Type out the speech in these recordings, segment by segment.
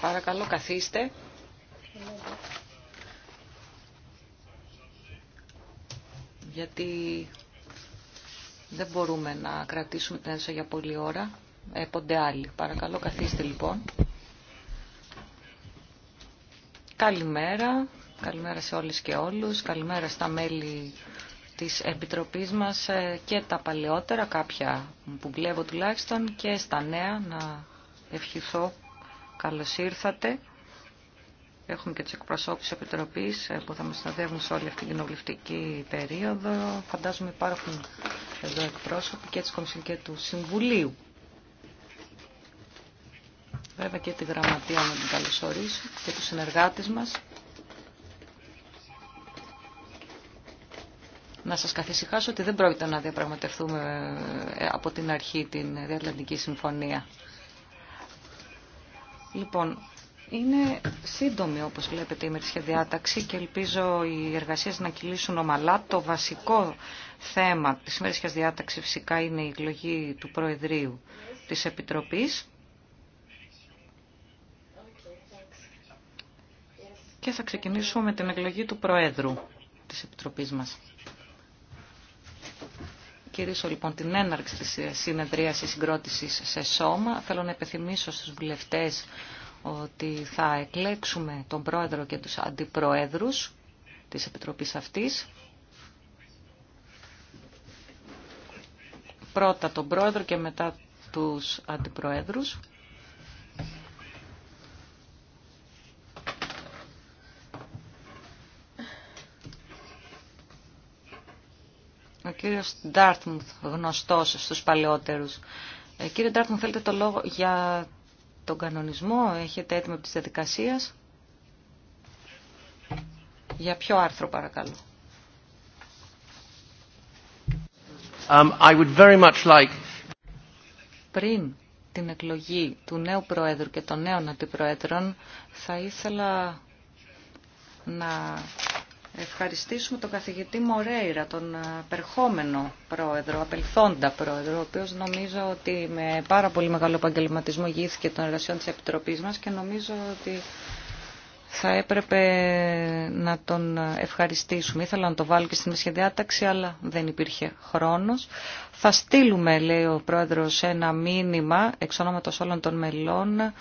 Παρακαλώ καθίστε. Γιατί δεν μπορούμε να κρατήσουμε την για πολλή ώρα. Έπονται άλλοι. Παρακαλώ καθίστε λοιπόν. Καλημέρα. Καλημέρα σε όλες και όλους. Καλημέρα στα μέλη της Επιτροπής μας ε, και τα παλαιότερα, κάποια που βλέπω τουλάχιστον, και στα νέα να ευχηθώ. Καλώς ήρθατε. Έχουμε και τις εκπροσώπους της Επιτροπής ε, που θα μας συνοδεύουν σε όλη αυτή την κοινοβουλευτική περίοδο. Φαντάζομαι υπάρχουν εδώ εκπρόσωποι και της Κομισιόν του Συμβουλίου. Βέβαια και τη γραμματεία να την καλωσορίσω και τους συνεργάτες μας. Να σας καθησυχάσω ότι δεν πρόκειται να διαπραγματευτούμε ε, από την αρχή την Διατλαντική Συμφωνία. Λοιπόν, είναι σύντομη όπως βλέπετε η μερική διάταξη και ελπίζω οι εργασίες να κυλήσουν ομαλά. Το βασικό θέμα της μερικής διάταξης φυσικά είναι η εκλογή του Προεδρίου της Επιτροπής. Και θα ξεκινήσουμε με την εκλογή του Προέδρου της Επιτροπής μας. Κυρίσω λοιπόν την έναρξη της ε, συνεδρίασης συγκρότησης σε σώμα. Θέλω να επιθυμίσω στους βουλευτές ότι θα εκλέξουμε τον Πρόεδρο και τους Αντιπροέδρους της Επιτροπής αυτής. Πρώτα τον Πρόεδρο και μετά τους Αντιπροέδρους. Ο κύριος Ντάρτμουθ, γνωστός στους παλαιότερους. Ε, κύριε Ντάρτμουθ, θέλετε το λόγο για τον κανονισμό, έχετε έτοιμο από τη Για ποιο άρθρο παρακαλώ. Um, I would Πριν την εκλογή του νέου Προέδρου και των νέων Αντιπροέδρων, θα ήθελα να ευχαριστήσουμε τον καθηγητή Μορέιρα, τον ε, περχόμενο πρόεδρο, απελθόντα πρόεδρο, ο οποίος νομίζω ότι με πάρα πολύ μεγάλο επαγγελματισμό γύθηκε των εργασιών της Επιτροπής μας και νομίζω ότι θα έπρεπε να τον ευχαριστήσουμε. Ήθελα να το βάλω και στην σχεδιάταξη, αλλά δεν υπήρχε χρόνος. Θα στείλουμε, λέει ο πρόεδρος, ένα μήνυμα εξ όλων των μελών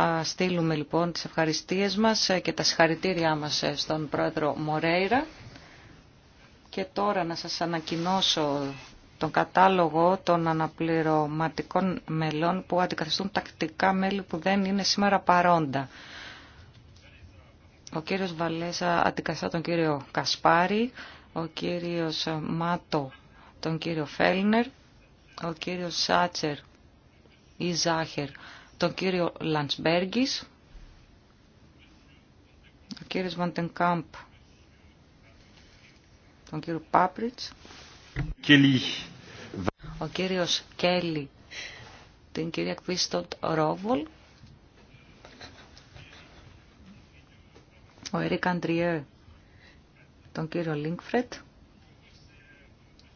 θα στείλουμε λοιπόν τις ευχαριστίες μας και τα συγχαρητήριά μας στον πρόεδρο Μορέιρα. Και τώρα να σας ανακοινώσω τον κατάλογο των αναπληρωματικών μελών που αντικαθιστούν τακτικά μέλη που δεν είναι σήμερα παρόντα. Ο κύριος Βαλέσα αντικαθιστά τον κύριο Κασπάρη, ο κύριος Μάτο τον κύριο Φέλνερ, ο κύριος Σάτσερ ή Ζάχερ τον κύριο Λαντσμπέργκης, ο κύριο Βαντενκάμπ, τον κύριο Πάπριτς, ο κύριος Κέλλη, την κυρία Κβίστοντ Ρόβολ, ο Ερίκ Αντριέ, τον κύριο Λίνκφρετ.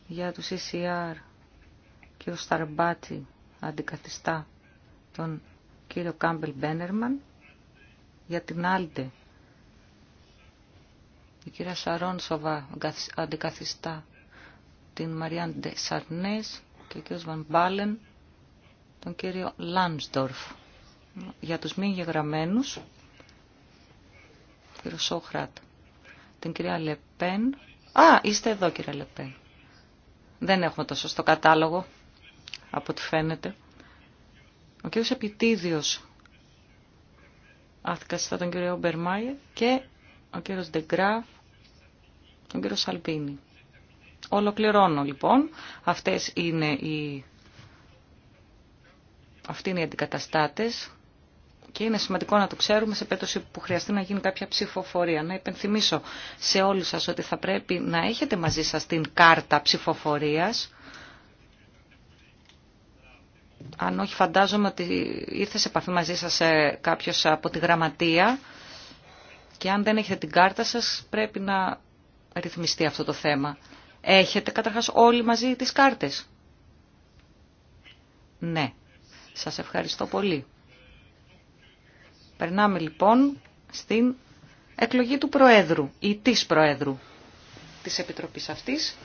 για του ECR, κύριο Σταρμπάτη, αντικαθιστά τον κύριο Κάμπελ Μπένερμαν, για την Άλντε. Η κυρία Σαρών Σοβά αντικαθιστά την Μαριάν Ντε Σαρνές και ο κύριος Βαν τον κύριο Λάνσδορφ. Για τους μη γεγραμμένους. κύριο Σόχρατ, την κυρία Λεπέν. Α, είστε εδώ κύριε Λεπέν. Δεν έχουμε το σωστό κατάλογο, από ό,τι φαίνεται. Ο κύριος Επιτίδιος θα τον κύριο Μπερμάιε και ο κύριος Ντεγκράφ, τον κύριο Σαλπίνη. Ολοκληρώνω λοιπόν. Αυτές είναι οι... Αυτοί είναι οι αντικαταστάτες και είναι σημαντικό να το ξέρουμε σε περίπτωση που χρειαστεί να γίνει κάποια ψηφοφορία. Να υπενθυμίσω σε όλους σας ότι θα πρέπει να έχετε μαζί σας την κάρτα ψηφοφορίας αν όχι φαντάζομαι ότι ήρθε σε επαφή μαζί σας ε, κάποιος από τη γραμματεία και αν δεν έχετε την κάρτα σας πρέπει να ρυθμιστεί αυτό το θέμα. Έχετε καταρχάς όλοι μαζί τις κάρτες. Ναι. Σας ευχαριστώ πολύ. Περνάμε λοιπόν στην εκλογή του Προέδρου ή της Προέδρου της Επιτροπής αυτής.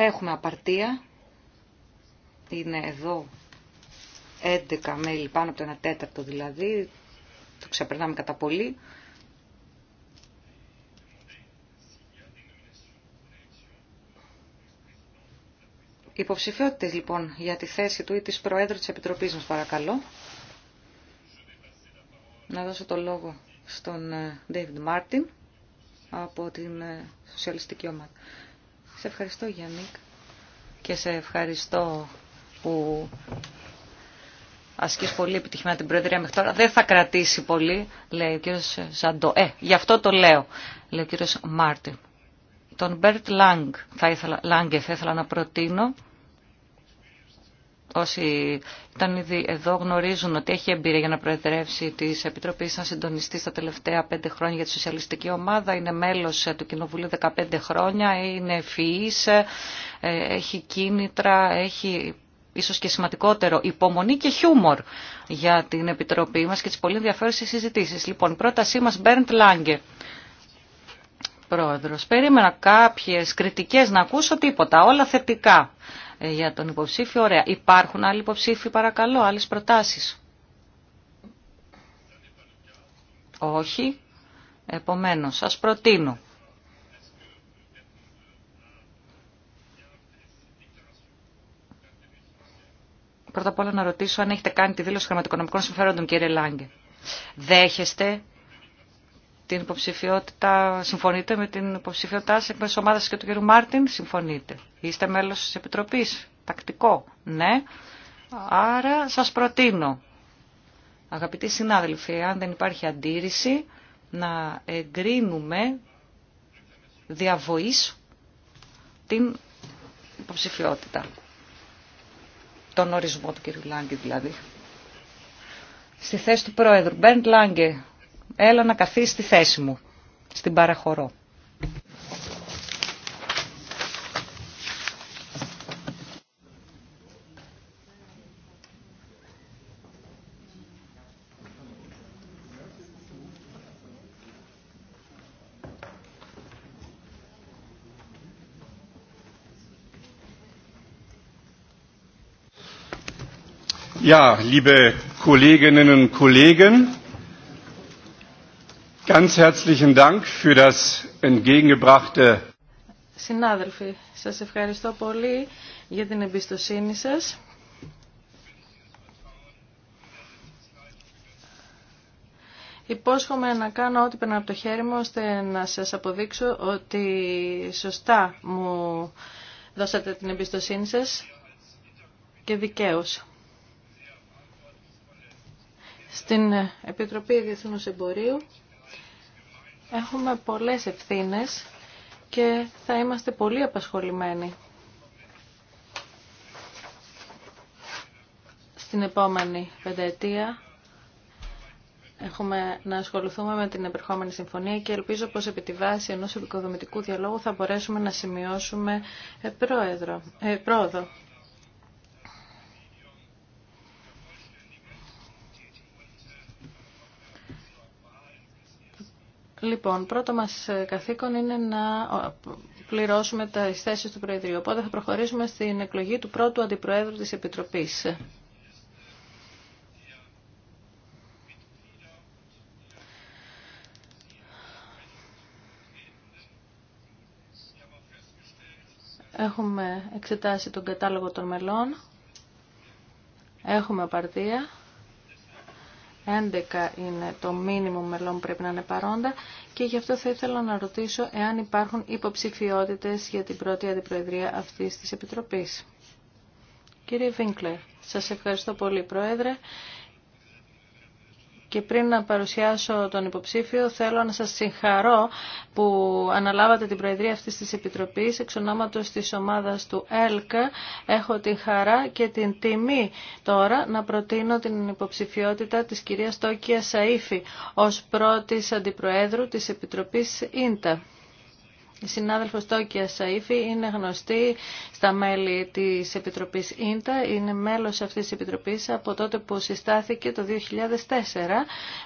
Έχουμε απαρτία. Είναι εδώ 11 μέλη, πάνω από το 1 τέταρτο δηλαδή. Το ξεπερνάμε κατά πολύ. Υποψηφιότητες λοιπόν για τη θέση του ή της Προέδρου της Επιτροπής μας παρακαλώ. Να δώσω το λόγο στον ε, David Μάρτιν από την ε, Σοσιαλιστική Ομάδα. Σε ευχαριστώ Γιάννικ και σε ευχαριστώ που ασκείς πολύ επιτυχημένα την Προεδρία μέχρι τώρα. Δεν θα κρατήσει πολύ, λέει ο κύριος Ζαντό. Ε, γι' αυτό το λέω, λέει ο κύριος Μάρτιν. Τον Μπέρτ Λάγκε θα ήθελα να προτείνω Όσοι ήταν ήδη εδώ γνωρίζουν ότι έχει εμπειρία για να προεδρεύσει τη Επιτροπή σαν συντονιστή τα τελευταία πέντε χρόνια για τη Σοσιαλιστική Ομάδα. Είναι μέλο του Κοινοβουλίου 15 χρόνια, είναι ευφυή, ε, έχει κίνητρα, έχει ίσω και σημαντικότερο υπομονή και χιούμορ για την Επιτροπή μα και τι πολύ ενδιαφέρουσε συζητήσει. Λοιπόν, πρότασή μα Μπέρντ Λάγκε. Πρόεδρος, περίμενα κάποιες κριτικές να ακούσω τίποτα, όλα θετικά. Ε, για τον υποψήφιο. Ωραία. Υπάρχουν άλλοι υποψήφοι, παρακαλώ, άλλες προτάσεις. Όχι. Επομένως, σας προτείνω. Πρώτα απ' όλα να ρωτήσω αν έχετε κάνει τη δήλωση χρηματοοικονομικών συμφερόντων, κύριε Λάγκε. Δέχεστε την υποψηφιότητα, συμφωνείτε με την υποψηφιότητά σα εκ μέρου ομάδα και του κ. Μάρτιν, συμφωνείτε. Είστε μέλο τη Επιτροπή. Τακτικό, ναι. Άρα σα προτείνω, αγαπητοί συνάδελφοι, αν δεν υπάρχει αντίρρηση, να εγκρίνουμε διαβοή την υποψηφιότητα. Τον ορισμό του κ. Λάγκη δηλαδή. Στη θέση του Πρόεδρου, Μπέντ Λάγκε, έλα να καθίσει στη θέση μου, στην παραχωρώ. Ja, liebe Kolleginnen und Kollegen, Ganz herzlichen Dank für das entgegengebrachte. Συνάδελφοι, σας ευχαριστώ πολύ για την εμπιστοσύνη σας. Υπόσχομαι να κάνω ό,τι περνά από το χέρι μου ώστε να σας αποδείξω ότι σωστά μου δώσατε την εμπιστοσύνη σας και δικαίως. Στην Επιτροπή Διεθνούς Εμπορίου Έχουμε πολλές ευθύνες και θα είμαστε πολύ απασχολημένοι στην επόμενη πενταετία. Έχουμε να ασχοληθούμε με την επερχόμενη συμφωνία και ελπίζω πως επί τη βάση ενός επικοδομητικού διαλόγου θα μπορέσουμε να σημειώσουμε πρόεδρο, ε, πρόοδο. Λοιπόν, πρώτο μας ε, καθήκον είναι να πληρώσουμε τα θέσει του Προεδρείου. Οπότε θα προχωρήσουμε στην εκλογή του πρώτου Αντιπροέδρου της Επιτροπής. Έχουμε εξετάσει τον κατάλογο των μελών. Έχουμε απαρτία. 11 είναι το μήνυμο μελών που πρέπει να είναι παρόντα και γι' αυτό θα ήθελα να ρωτήσω εάν υπάρχουν υποψηφιότητες για την πρώτη αντιπροεδρία αυτής της Επιτροπής. Κύριε Βίνκλερ, σας ευχαριστώ πολύ Πρόεδρε και πριν να παρουσιάσω τον υποψήφιο, θέλω να σας συγχαρώ που αναλάβατε την Προεδρία αυτής της Επιτροπής εξ ονόματος της ομάδας του ΕΛΚΑ. Έχω την χαρά και την τιμή τώρα να προτείνω την υποψηφιότητα της κυρίας Τόκια Σαΐφη ως πρώτης Αντιπροέδρου της Επιτροπής ΙΝΤΑ. Η συνάδελφος Τόκια Σαΐφη είναι γνωστή στα μέλη της Επιτροπής Ίντα, είναι μέλος αυτής της Επιτροπής από τότε που συστάθηκε το 2004.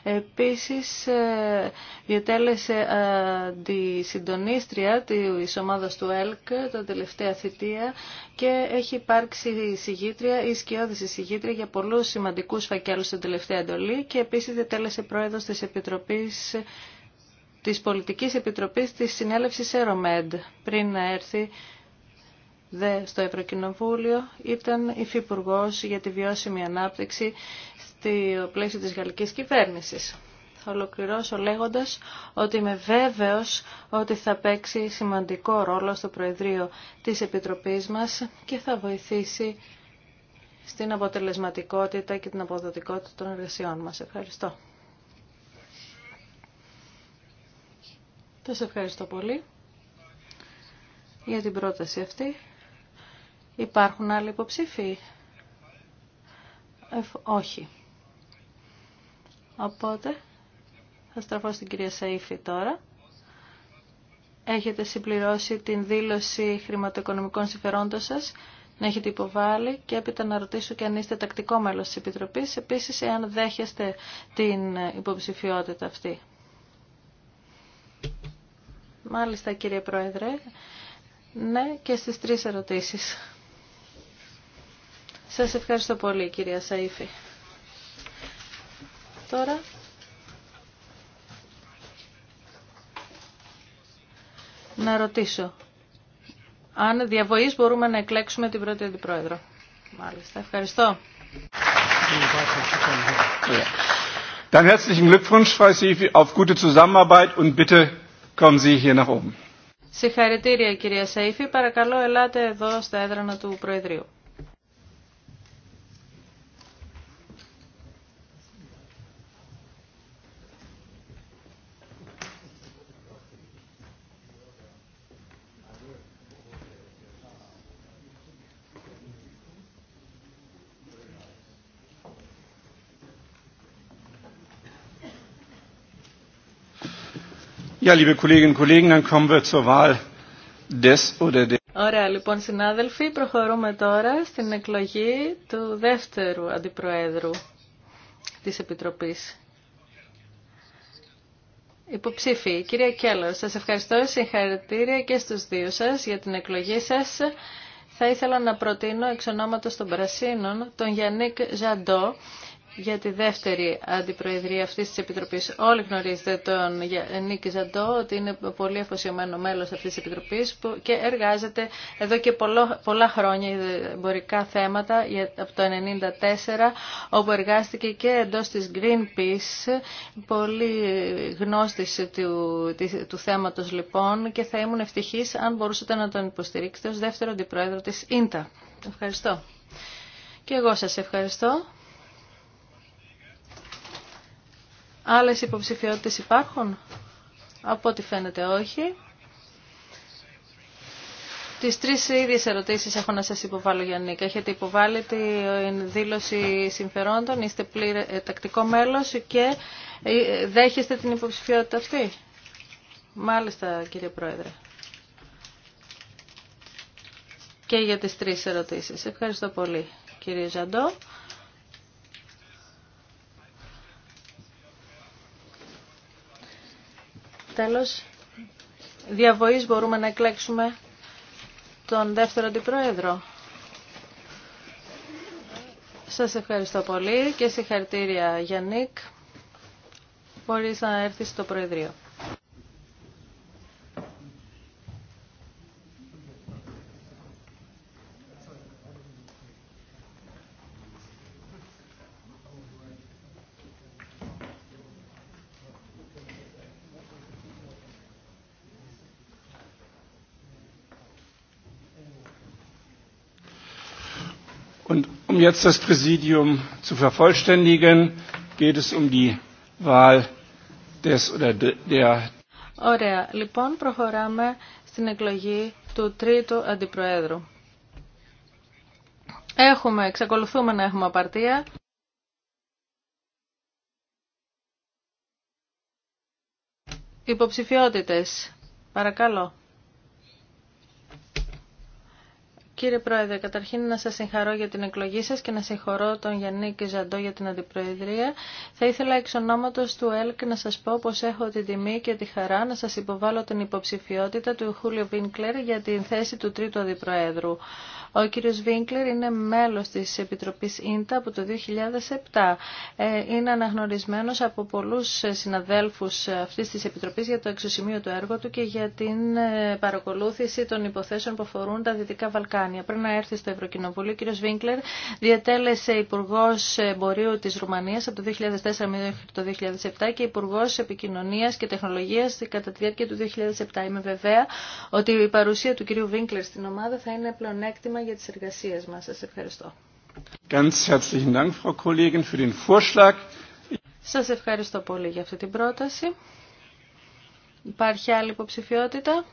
Επίσης ε, διετέλεσε ε, τη συντονίστρια της ομάδας του ΕΛΚ τα τελευταία θητεία και έχει υπάρξει συγγήτρια ή σκιώδηση συγγήτρια για πολλούς σημαντικούς φακέλους στην τελευταία εντολή και επίσης διατέλεσε πρόεδρος της Επιτροπής της Πολιτικής Επιτροπής της Συνέλευσης ΕΡΟΜΕΔ πριν να έρθει δε στο Ευρωκοινοβούλιο ήταν υφυπουργό για τη βιώσιμη ανάπτυξη στο πλαίσιο της γαλλικής κυβέρνησης. Θα ολοκληρώσω λέγοντας ότι είμαι βέβαιος ότι θα παίξει σημαντικό ρόλο στο Προεδρείο της Επιτροπής μας και θα βοηθήσει στην αποτελεσματικότητα και την αποδοτικότητα των εργασιών μας. Ευχαριστώ. Θα ευχαριστώ πολύ για την πρόταση αυτή. Υπάρχουν άλλοι υποψήφοι. Ε, όχι. Οπότε θα στραφώ στην κυρία Σαΐφη τώρα. Έχετε συμπληρώσει την δήλωση χρηματοοικονομικών συμφερόντων σας, να έχετε υποβάλει και έπειτα να ρωτήσω και αν είστε τακτικό μέλος της Επιτροπής, επίσης εάν δέχεστε την υποψηφιότητα αυτή. Μάλιστα κύριε Πρόεδρε, ναι και στις τρεις ερωτήσεις. Σας ευχαριστώ πολύ κυρία Σαΐφη. Τώρα... Να ρωτήσω. Αν διαβοής μπορούμε να εκλέξουμε την πρώτη αντιπρόεδρο. Μάλιστα. Ευχαριστώ. Dann herzlichen Glückwunsch, Frau Sifi, auf gute Zusammenarbeit und bitte Kommen Συγχαρητήρια κυρία Σαΐφη, παρακαλώ ελάτε εδώ στα έδρανα του Προεδρείου. Ja, liebe Kolleginnen und Kollegen, dann kommen wir Ωραία, λοιπόν, συνάδελφοι, προχωρούμε τώρα στην εκλογή του δεύτερου αντιπροέδρου της Επιτροπής. Υποψήφιοι, κυρία Κέλλορ, σας ευχαριστώ, συγχαρητήρια και στους δύο σας για την εκλογή σας. Θα ήθελα να προτείνω εξ ονόματος των Πρασίνων τον Γιάννικ Ζαντό για τη δεύτερη αντιπροεδρία αυτής της Επιτροπής. Όλοι γνωρίζετε τον Νίκη Ζαντό ότι είναι πολύ αφοσιωμένο μέλος αυτής της Επιτροπής και εργάζεται εδώ και πολλά χρόνια για εμπορικά θέματα από το 1994 όπου εργάστηκε και εντός της Greenpeace πολύ γνώστης του, του θέματος λοιπόν και θα ήμουν ευτυχής αν μπορούσατε να τον υποστηρίξετε ως δεύτερο αντιπρόεδρο της ΙΝΤΑ. Ευχαριστώ. Και εγώ σας ευχαριστώ. Άλλες υποψηφιότητες υπάρχουν. Από ό,τι φαίνεται όχι. Τις τρεις ίδιες ερωτήσεις έχω να σας υποβάλω, Γιάννη. Έχετε υποβάλει τη ε, δήλωση συμφερόντων, είστε πλήρε, ε, τακτικό μέλος και ε, δέχεστε την υποψηφιότητα αυτή. Μάλιστα, κύριε Πρόεδρε. Και για τις τρεις ερωτήσεις. Ευχαριστώ πολύ, κύριε Ζαντό. Τέλος, διαβοής μπορούμε να εκλέξουμε τον δεύτερο αντιπρόεδρο. Σας ευχαριστώ πολύ και συγχαρητήρια νικ Μπορείς να έρθεις στο Προεδρείο. das Präsidium zu vervollständigen, geht es um die Wahl des oder Ωραία. Λοιπόν, προχωράμε στην εκλογή του τρίτου αντιπροέδρου. Έχουμε, εξακολουθούμε να έχουμε απαρτία. Υποψηφιότητες. Παρακαλώ. Κύριε Πρόεδρε, καταρχήν να σας συγχαρώ για την εκλογή σας και να συγχωρώ τον Γιάννη Κιζαντό για την Αντιπροεδρία. Θα ήθελα εξ ονόματος του ΕΛΚ να σας πω πως έχω την τιμή και τη χαρά να σας υποβάλω την υποψηφιότητα του Χούλιο Βίνκλερ για την θέση του τρίτου Αντιπροέδρου. Ο κύριος Βίνκλερ είναι μέλος της Επιτροπής ΙΝΤΑ από το 2007. Ε, είναι αναγνωρισμένος από πολλούς συναδέλφους αυτής της Επιτροπής για το εξωσημείο του έργο του και για την ε, παρακολούθηση των υποθέσεων που αφορούν τα Δυτικά Βαλκάνια. Πριν να έρθει στο Ευρωκοινοβούλιο, ο κύριος Βίνκλερ διατέλεσε Υπουργό Εμπορίου της Ρουμανίας από το 2004 μέχρι το 2007 και Υπουργό Επικοινωνίας και Τεχνολογίας κατά τη διάρκεια του 2007. Είμαι βεβαία ότι η παρουσία του κυρίου Βίνκλερ στην ομάδα θα είναι πλεονέκτημα για τις εργασίες μας. Σας ευχαριστώ. Ganz Σας ευχαριστώ πολύ για αυτή την πρόταση. Υπάρχει άλλη υποψηφιότητα.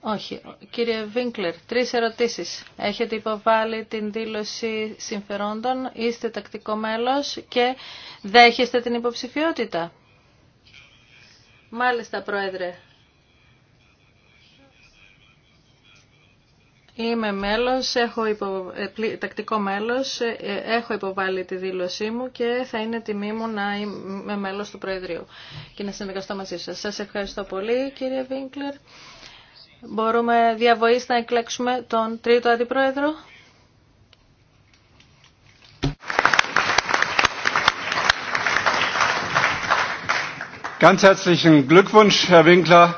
Όχι. Κύριε Βίνκλερ, τρεις ερωτήσεις. Έχετε υποβάλει την δήλωση συμφερόντων, είστε τακτικό μέλος και δέχεστε την υποψηφιότητα. Μάλιστα, Πρόεδρε. Είμαι μέλος, έχω υπο... Ε, τακτικό μέλος, ε, έχω υποβάλει τη δήλωσή μου και θα είναι τιμή μου να είμαι μέλος του Προεδρείου και να συνεργαστώ μαζί σας. Σας ευχαριστώ πολύ κύριε Βίνκλερ. Μπορούμε διαβοής να εκλέξουμε τον τρίτο αντιπρόεδρο. Ganz herzlichen Glückwunsch, Herr Winkler.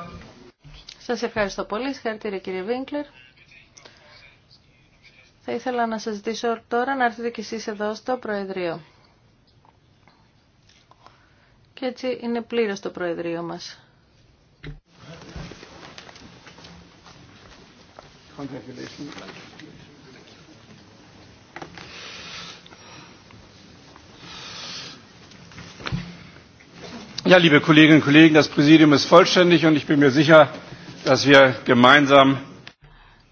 Σας ευχαριστώ πολύ. Συγχαρητήρια κύριε Winkler. Θα ήθελα να σας ζητήσω τώρα να έρθετε κι εσείς εδώ στο Προεδρείο. Και έτσι είναι πλήρως το Προεδρείο μας. Ja, liebe Kolleginnen und Kollegen, das Präsidium ist vollständig und ich bin mir sicher, dass wir gemeinsam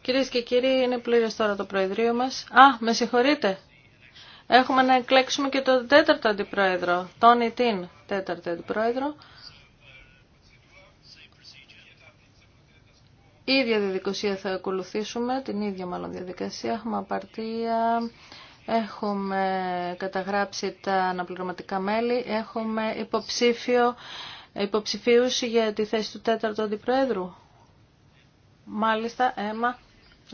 Κυρίες και κύριοι, είναι πλήρες τώρα το Προεδρείο μας. Α, με συγχωρείτε. Έχουμε να εκλέξουμε και τον τέταρτο αντιπρόεδρο, τον Ιτίν, τέταρτο αντιπρόεδρο. Η ίδια διαδικασία θα ακολουθήσουμε, την ίδια μάλλον διαδικασία. Έχουμε απαρτία, έχουμε καταγράψει τα αναπληρωματικά μέλη, έχουμε υποψήφιο, υποψηφίους για τη θέση του τέταρτου αντιπρόεδρου. Μάλιστα, Έμα,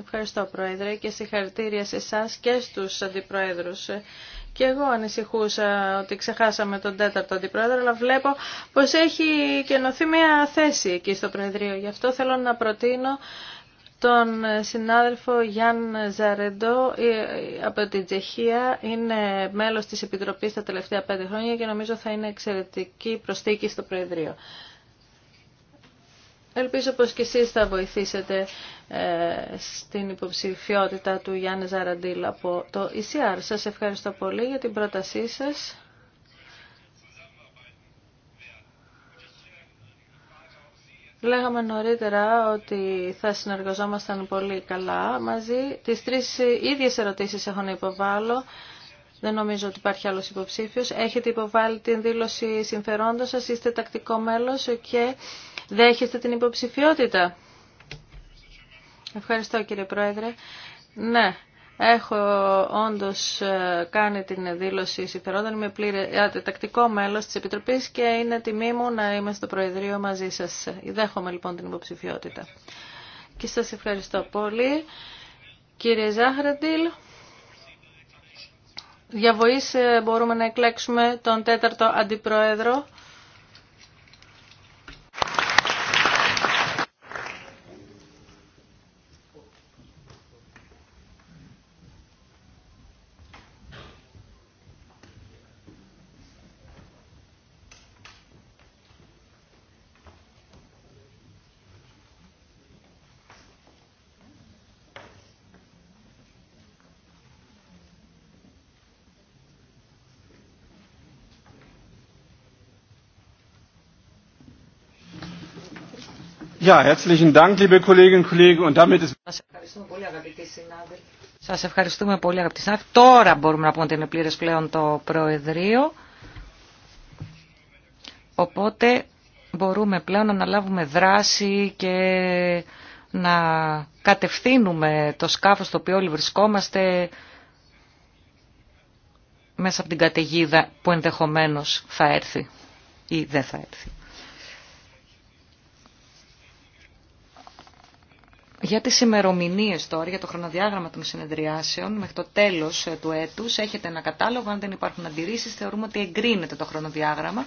Ευχαριστώ Πρόεδρε και συγχαρητήρια σε εσά και στου αντιπροεδρου. Και εγώ ανησυχούσα ότι ξεχάσαμε τον τέταρτο αντιπρόεδρο, αλλά βλέπω πως έχει κενωθεί μια θέση εκεί στο Προεδρείο. Γι' αυτό θέλω να προτείνω τον συνάδελφο Γιάν Ζαρεντό από την Τσεχία. Είναι μέλος της Επιτροπής τα τελευταία πέντε χρόνια και νομίζω θα είναι εξαιρετική προσθήκη στο Προεδρείο. Ελπίζω πως και εσείς θα βοηθήσετε ε, στην υποψηφιότητα του Γιάννη Ζαραντήλ από το ECR. Σας ευχαριστώ πολύ για την πρότασή σας. Λέγαμε νωρίτερα ότι θα συνεργαζόμασταν πολύ καλά μαζί. Τις τρεις ίδιες ερωτήσεις έχω να υποβάλω. Δεν νομίζω ότι υπάρχει άλλος υποψήφιος. Έχετε υποβάλει την δήλωση συμφερόντος σας, είστε τακτικό μέλος και δέχεστε την υποψηφιότητα. Ευχαριστώ κύριε Πρόεδρε. Ναι, έχω όντως ε, κάνει την δήλωση συμφερόντων. Είμαι πλήρε, ε, τακτικό μέλος της Επιτροπής και είναι τιμή μου να είμαι στο Προεδρείο μαζί σας. Δέχομαι λοιπόν την υποψηφιότητα. Και σας ευχαριστώ πολύ. Κύριε Ζάχρεντιλ, για μπορούμε να εκλέξουμε τον τέταρτο αντιπρόεδρο. Ja, Σας ευχαριστούμε πολύ, αγαπητοί συνάδελφοι. Τώρα μπορούμε να πούμε ότι είναι πλήρε πλέον το Προεδρείο. Οπότε μπορούμε πλέον να αναλάβουμε δράση και να κατευθύνουμε το σκάφος στο οποίο όλοι βρισκόμαστε μέσα από την καταιγίδα που ενδεχομένως θα έρθει ή δεν θα έρθει. Για τις ημερομηνίε τώρα, για το χρονοδιάγραμμα των συνεδριάσεων, μέχρι το τέλος ε, του έτους έχετε ένα κατάλογο, αν δεν υπάρχουν αντιρρήσεις θεωρούμε ότι εγκρίνεται το χρονοδιάγραμμα.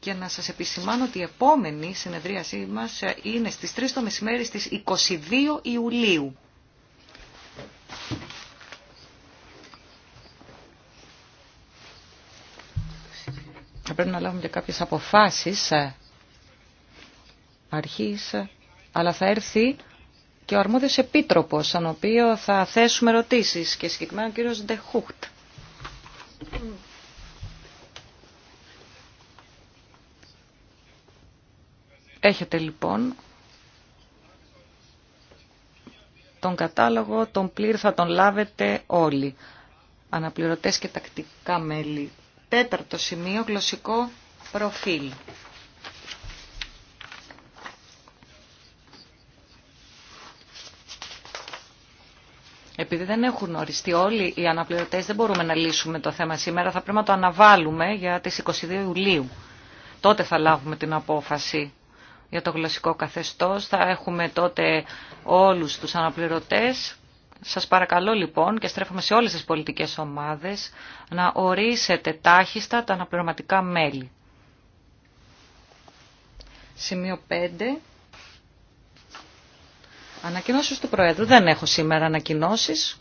Και να σας επισημάνω ότι η επόμενη συνεδρίασή μας ε, είναι στις 3 το μεσημέρι στις 22 Ιουλίου. Θα πρέπει να λάβουμε και κάποιες αποφάσεις ε, αρχής, αλλά θα έρθει και ο αρμόδιος επίτροπος, στον οποίο θα θέσουμε ερωτήσεις και συγκεκριμένα ο κύριος Ντεχούχτ. Έχετε λοιπόν τον κατάλογο, τον πλήρ θα τον λάβετε όλοι. Αναπληρωτές και τακτικά μέλη. Τέταρτο σημείο, γλωσσικό προφίλ. Επειδή δεν έχουν οριστεί όλοι οι αναπληρωτές, δεν μπορούμε να λύσουμε το θέμα σήμερα. Θα πρέπει να το αναβάλουμε για τις 22 Ιουλίου. Τότε θα λάβουμε την απόφαση για το γλωσσικό καθεστώς. Θα έχουμε τότε όλους τους αναπληρωτές. Σας παρακαλώ λοιπόν και στρέφομαι σε όλες τις πολιτικές ομάδες να ορίσετε τάχιστα τα αναπληρωματικά μέλη. Σημείο 5. Ανακοινώσεις του Προέδρου. Δεν έχω σήμερα ανακοινώσεις.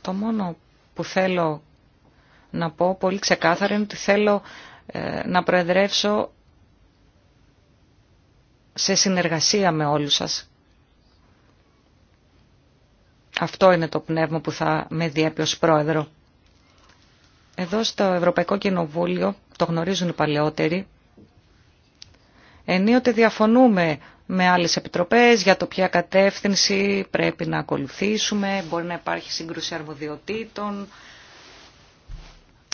Το μόνο που θέλω να πω πολύ ξεκάθαρα είναι ότι θέλω ε, να προεδρεύσω σε συνεργασία με όλους σας. Αυτό είναι το πνεύμα που θα με διέπει ως πρόεδρο. Εδώ στο Ευρωπαϊκό Κοινοβούλιο, το γνωρίζουν οι παλαιότεροι, Ενίοτε διαφωνούμε με άλλες επιτροπές για το ποια κατεύθυνση πρέπει να ακολουθήσουμε, μπορεί να υπάρχει σύγκρουση αρμοδιοτήτων.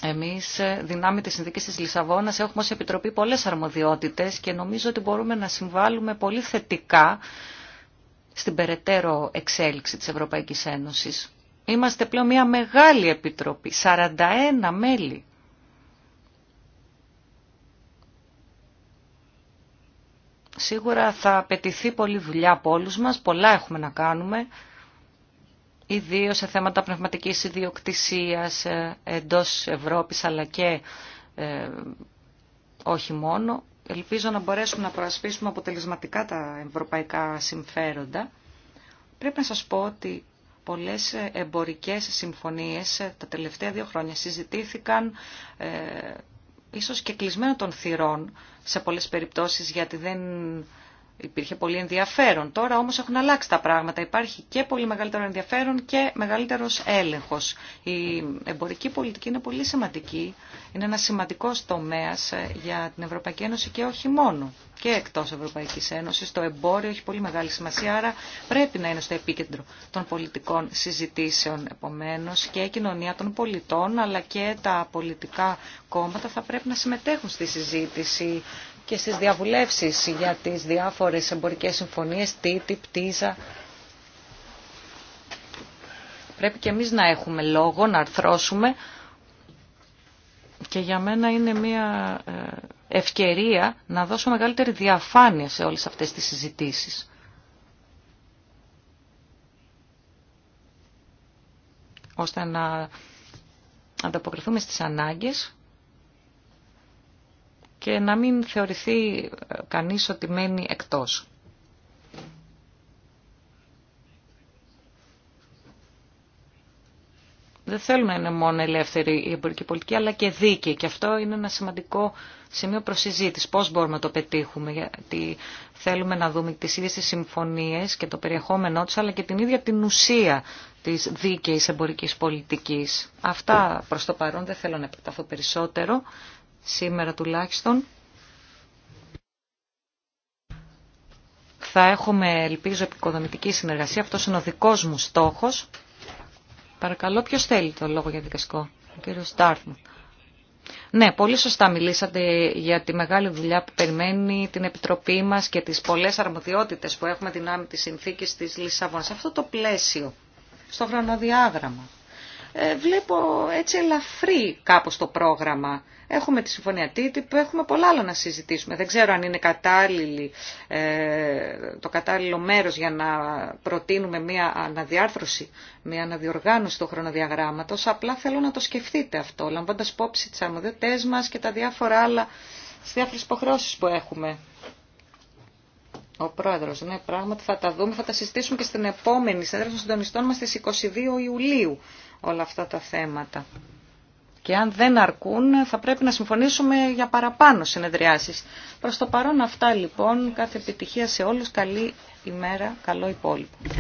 Εμείς, δυνάμει της συνδική της Λισαβόνας, έχουμε ως Επιτροπή πολλές αρμοδιότητες και νομίζω ότι μπορούμε να συμβάλλουμε πολύ θετικά στην περαιτέρω εξέλιξη της Ευρωπαϊκής Ένωσης. Είμαστε πλέον μια μεγάλη Επιτροπή, 41 μέλη. Σίγουρα θα απαιτηθεί πολλή δουλειά από όλους μας, πολλά έχουμε να κάνουμε, ιδίως σε θέματα πνευματικής ιδιοκτησίας ε, εντός Ευρώπης αλλά και ε, όχι μόνο. Ελπίζω να μπορέσουμε να προασπίσουμε αποτελεσματικά τα ευρωπαϊκά συμφέροντα. Πρέπει να σας πω ότι πολλές εμπορικές συμφωνίες ε, τα τελευταία δύο χρόνια συζητήθηκαν ίσως και κλεισμένο των θυρών σε πολλές περιπτώσεις γιατί δεν Υπήρχε πολύ ενδιαφέρον. Τώρα όμως έχουν αλλάξει τα πράγματα. Υπάρχει και πολύ μεγαλύτερο ενδιαφέρον και μεγαλύτερος έλεγχος. Η εμπορική πολιτική είναι πολύ σημαντική. Είναι ένα σημαντικό τομέα ε, για την Ευρωπαϊκή Ένωση και όχι μόνο. Και εκτός Ευρωπαϊκής Ένωσης το εμπόριο έχει πολύ μεγάλη σημασία, άρα πρέπει να είναι στο επίκεντρο των πολιτικών συζητήσεων. επομένω και η κοινωνία των πολιτών αλλά και τα πολιτικά κόμματα θα πρέπει να συμμετέχουν στη συζήτηση και στις διαβουλεύσεις για τις διάφορες εμπορικές συμφωνίες, TTIP, TISA. Πρέπει και εμείς να έχουμε λόγο, να αρθρώσουμε και για μένα είναι μια ε, ευκαιρία να δώσω μεγαλύτερη διαφάνεια σε όλες αυτές τις συζητήσεις. ώστε να ανταποκριθούμε στις ανάγκες και να μην θεωρηθεί ε, κανείς ότι μένει εκτός. Δεν θέλουμε να είναι μόνο ελεύθερη η εμπορική πολιτική, αλλά και δίκαιη. Και αυτό είναι ένα σημαντικό σημείο προσυζήτηση. Πώς μπορούμε να το πετύχουμε, γιατί θέλουμε να δούμε τις ίδιες τις συμφωνίες και το περιεχόμενό τους, αλλά και την ίδια την ουσία της δίκαιης εμπορικής πολιτικής. Αυτά προς το παρόν δεν θέλω να επεκταθώ περισσότερο σήμερα τουλάχιστον. Θα έχουμε, ελπίζω, επικοδομητική συνεργασία. Αυτός είναι ο δικός μου στόχος. Παρακαλώ, ποιος θέλει το λόγο για δικαστικό. Ο κύριος Ντάρθμουθ. Ναι, πολύ σωστά μιλήσατε για τη μεγάλη δουλειά που περιμένει την Επιτροπή μας και τις πολλές αρμοδιότητες που έχουμε δυνάμει της συνθήκης της Λισαβόνας. Αυτό το πλαίσιο, στο χρονοδιάγραμμα ε, βλέπω έτσι ελαφρύ κάπως το πρόγραμμα. Έχουμε τη συμφωνία TTIP, έχουμε πολλά άλλα να συζητήσουμε. Δεν ξέρω αν είναι κατάλληλη, ε, το κατάλληλο μέρος για να προτείνουμε μια αναδιάρθρωση, μια αναδιοργάνωση του χρονοδιαγράμματος. Απλά θέλω να το σκεφτείτε αυτό, λαμβάνοντας υπόψη τις αρμοδιότητές μας και τα διάφορα άλλα στις διάφορες υποχρεώσεις που έχουμε. Ο πρόεδρος, ναι, πράγματι θα τα δούμε, θα τα συστήσουμε και στην επόμενη συνέντευξη των συντονιστών μας στις 22 Ιουλίου όλα αυτά τα θέματα. Και αν δεν αρκούν θα πρέπει να συμφωνήσουμε για παραπάνω συνεδριάσεις. Προς το παρόν αυτά λοιπόν, κάθε επιτυχία σε όλους, καλή ημέρα, καλό υπόλοιπο.